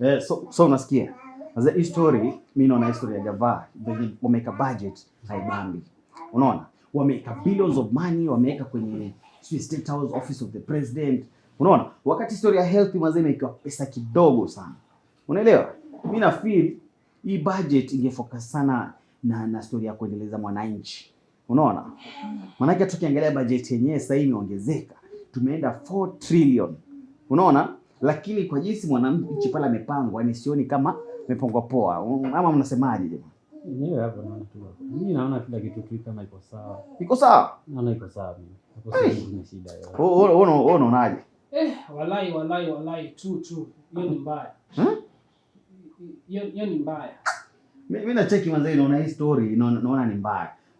Eh, so, so unasikia sasa hii story mimi naona story ya Gavaa wameka budget haibambi. Unaona? Wameka billions of money wameka kwenye State House office of the president. Unaona? Wakati story ya health mzee imekiwa pesa kidogo sana. Unaelewa? Mimi na feel hii budget ingefocus sana na na story ya kuendeleza mwananchi. Unaona? Maanake tukiangalia budget yenyewe sasa hii imeongezeka. Tumeenda 4 trillion. Unaona? lakini kwa jinsi mwananchi pale amepangwa, ni sioni kama amepangwa poa, ama mnasemaje jamani? Mwenyewe hapo naona tu Mimi naona kila kitu tu kama iko sawa. Iko sawa? Naona iko sawa mimi. Hapo sasa kuna shida hiyo. Wewe wewe unaonaje? Eh, walai walai walai tu tu. Hiyo ni mbaya. Hmm? Hiyo ni mbaya. Mimi na cheki manzai naona hii story naona ni mbaya.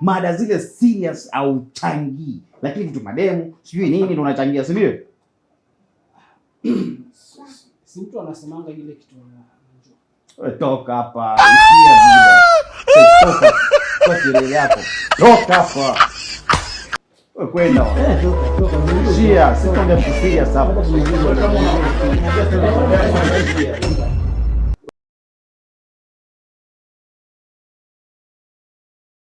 mada zile serious au changii, lakini mtu mademu sijui nini ndo unachangia, si ndio? si mtu anasemanga ile kitu eh, toka hapa kelele eh, yako, toka hapa kwenda eh, shia sikuenda kusiria sasa